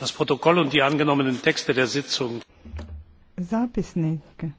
das protokoll und die angenommenen texte der sitzung zapisnik